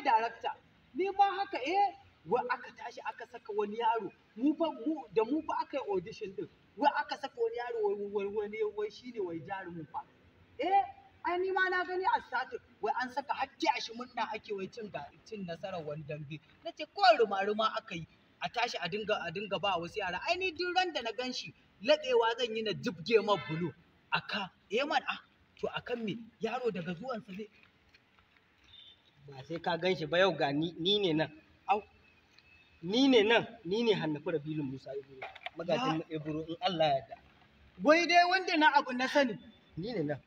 kai darakta ni ma haka eh wa aka tashi aka saka wani yaro mu fa mu da mu fa aka yi audition din wa aka saka wani yaro wani wani wai shine wai jarumin fa eh ai ni ma na gani a status wai an saka hakki a shi munna ake wai cin ga cin nasarar wani dambe nace ko ruma ruma aka yi a tashi a dinga a dinga ba wasu yara ai ni duk ran da na ganshi laɗewa zan yi na jibge ma bulu aka eh man ah to akan me yaro daga zuwansa zai ba sai ka gan shi ba yau ga ni ne nan au ni ne nan ni ne hannafi rabilun musa ibro magajin ibro in allah ya da wai dai wanda na abu na sani ni ne nan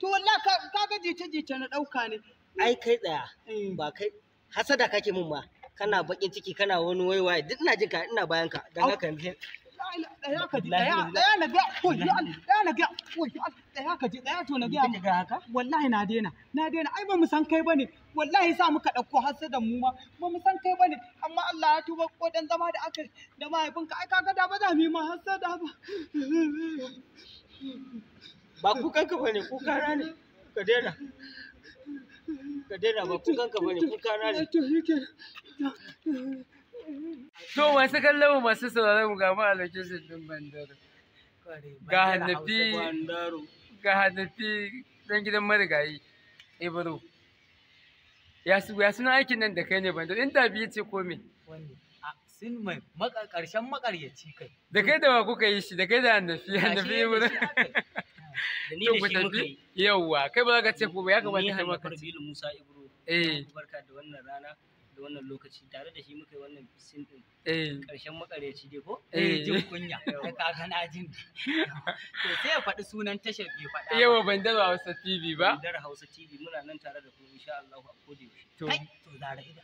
to wallahi ka ga jice jice na dauka ne ai kai tsaya eh. ba kai hasada kake mun ba? kana bakin ciki kana wani waiwaye duk ina jin ka ina bayan ka dan haka na ga ko ya na ga ko ya zaka ji daya to na gaya maka haka wallahi na daina na daina ai ba mu san kai bane wallahi sa muka dauko da mu ma ba mu san kai bane amma Allah ya tuba ko dan zama da aka da mahaifinka ai kaga da ba za mu yi ma hasada ba ba ku kanka bane ku kara ne ka daina ka daina ba ku kanka bane ku kara ne to masu kallon masu sauraron mu ga mu alhakin sirrin bandaro ga hannafi ga hadafi dan gidan marigayi ibro ya su ya suna aikin nan da kai ne bandar biyu ce ko me sin mai karshen makaryaci kai da kai da wa kuka yi shi da kai da annabi annabi ibro da ni da shi muka yi yawwa kai ba za ka ce ko ba ya kamata kai maka Musa ibro eh barka da wannan rana da wannan lokaci tare da shi muka yi wannan sin din eh. karshen makareci dai ko eh, eh jin kunya da kaka na jin to sai ya faɗi sunan tashar bai faɗa yawa bandar Hausa TV ba bandar Hausa TV muna nan tare da ku insha Allah a kodi to to zara ida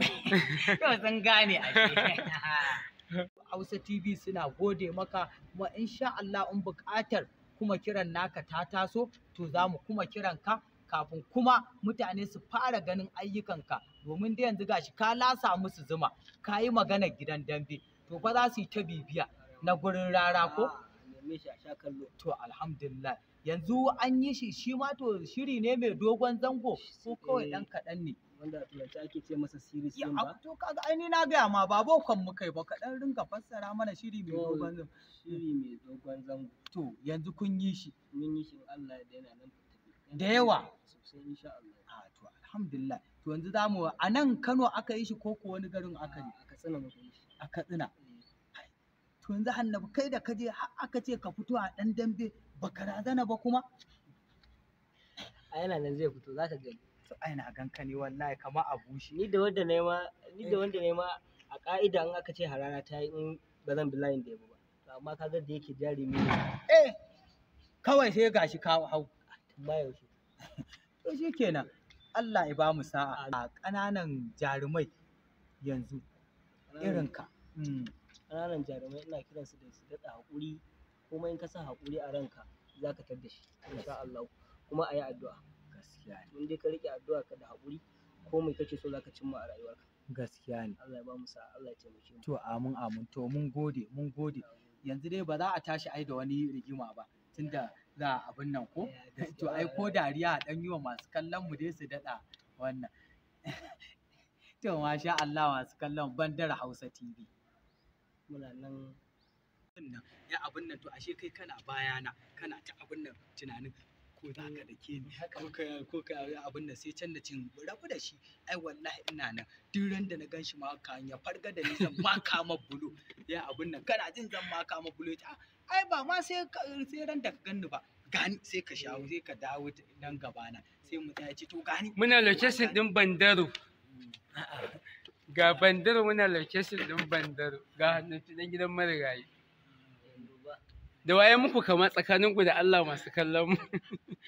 yau zan gane a Hausa TV suna gode maka kuma insha Allah in buƙatar kuma kiran naka ta taso to za mu kuma kiran ka kafin kuma mutane su fara ganin ayyukanka domin da yanzu gashi ka lasa musu zuma ka yi magana gidan dambe to fa za su yi ta bibiya na gurin rara ko to alhamdulillah yanzu an yi shi shi ma to shiri ne mai dogon zango ko kawai dan eh, kaɗan ne wanda turanci ake ce masa series din ba to kaga ai ni na gaya ma ba kan mu kai ba kaɗan ringa fassara mana shiri mai dogon zango shiri mai dogon zango to yanzu kun yi shi mun yi shi Allah ya daina nan da yawa ah, to alhamdulillah to yanzu za mu a nan Kano aka yi shi ko ko wani garin aka yi a Katsina a Katsina to yanzu Annabi kai da kaje har aka ce ka fito a dan dambe baka razana ba kuma a yana nan zai fito zaka gani to ai na ganka ne wallahi kamar a bushe ni da wanda ne ma ni da eh. wanda ne ma a ka'ida in aka ce harara ta yi in ba zan bi layin da yabo ba to amma kaga da yake jarumi eh kawai sai gashi ka hau Bayaushe. To shi kenan. Allah ya ba mu sa'a. A ƙananan jarumai yanzu irinka. Hmm. Ƙananan jarumai ina kiransu da su daɗa haƙuri kuma in ka sa haƙuri a ranka za ka tadda shi insha Allah kuma a yi addu'a. Gaskiya ne. ka riƙe addu'a ka da haƙuri ko kake so za ka cimma a rayuwarka. Gaskiya ne. Allah ya ba mu sa'a Allah ya taimake mu. To amin amin to mun gode mun gode. Yanzu dai ba za a tashi ai da wani rigima ba tunda za a abin nan ko eh, to ai ko eh. dariya dan yi wa masu kallon mu dai su daɗa wannan to masha Allah masu kallon bandar Hausa TV muna nan nan ya abin nan to ashe kai kana bayana kana ta abin nan tunanin ko za ka eh, dake ni ko ka ko kai abin nan sai can da cin rabu da shi ai wallahi ina nan duk ran da na gan shi ma ka ya farga da ni zan maka ma bulo ya abin nan kana jin zan maka ma bulo ta ai ba ma sai sai ran da ganni ba gani sai ka shawo sai ka dawo nan gaba na sai mu tsaya ce to gani muna location din bandaro mm. ga bandaro muna location din bandaro ga hannun gidan marigayi da waye muku kamar tsakanin ku da Allah masu kallon mu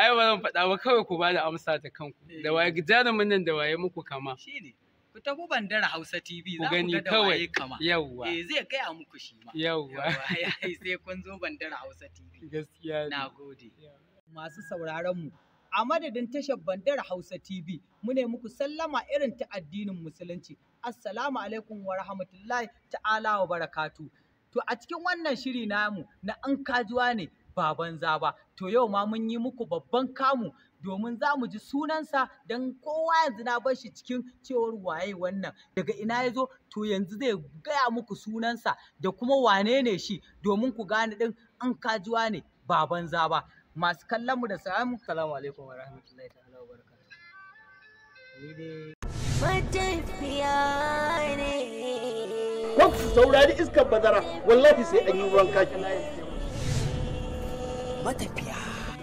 ai ba zan faɗa ba kawai ku ba da amsa ta kanku da waye eh. jarumin nan da waye muku kama shine ku tafi bandar Hausa TV za ku ga da waye kama. Yawwa. Eh zai a muku shi ma. Yawwa. Yayi sai kun zo bandar Hausa TV. Gaskiya. Na gode. Masu sauraron mu a madadin tashar bandar Hausa TV mune muku sallama irin ta addinin musulunci. Assalamu alaikum wa rahmatullahi ta'ala wa barakatu. To a cikin wannan shiri namu na an kajuwa ne ba banza ba to yau ma mun yi muku babban kamu domin za mu ji sunansa don kowa yanzu na bar shi cikin cewar waye wannan daga ina ya zo to yanzu zai gaya muku sunansa da kuma wane ne shi domin ku gane din an kajuwa ne ba banza ba masu kallon mu da salamu salamu alaikum wa rahmatullahi ta'ala wa barakatuh ni matafiya ne ku saurari iskar bazara wallafi sai an yi ruwan kaki matafiya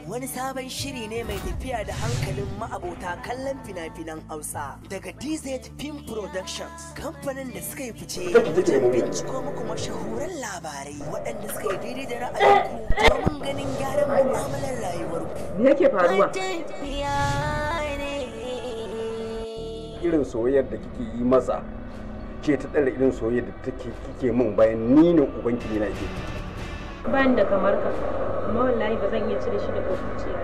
wani sabon shiri ne mai tafiya da hankalin ma'abota kallon fina-finan hausa daga dz film productions kamfanin da suka yi fice wajen binciko muku mashahuran labarai waɗanda suka yi daidai da ra'ayinku domin ganin gyaran mu'amalar rayuwar. me yake faruwa irin soyayyar da kike yi masa ce ta tsare irin soyayyar da take kike min bayan ni ne ubanki na ke ba ni da kamar ka amma wallahi ba zan iya cire shi daga zuciya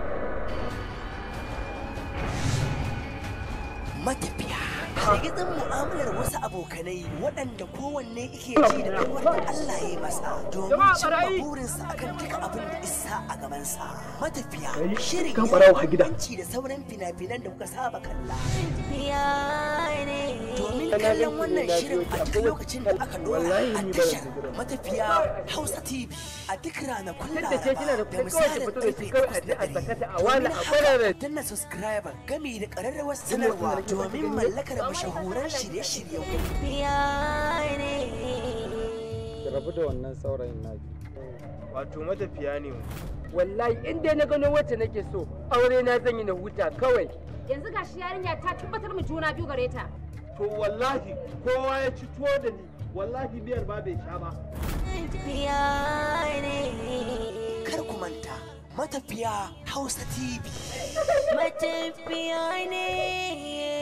matafiya shigidin mu'amalar wasu abokanai waɗanda kowanne ike ji da ɗan wanda Allah ya masa domin cimma a akan duka abin da isa a gabansa matafiya shirin yanci da sauran fina-finan da kuka saba kalla domin kallon wannan shirin a duk lokacin da aka dora a tashar matafiya hausa tv a duk ranakun laraba da misalin karfe takwas na domin haka danna subscriber gami da ƙararrawar sanarwa domin mallakar mashahuran shirye-shiryen rabu da wannan saurayin naki wato matafiya ne wallahi inda na gano wacce nake so aure na zan yi na huta kawai yanzu gashi yarinya ta tabbatar mu juna biyu gare ta to wallahi kowa ya ci tuwo da ni wallahi biyar ba bai sha ba kar ku manta matafiya hausa tv matafiya ne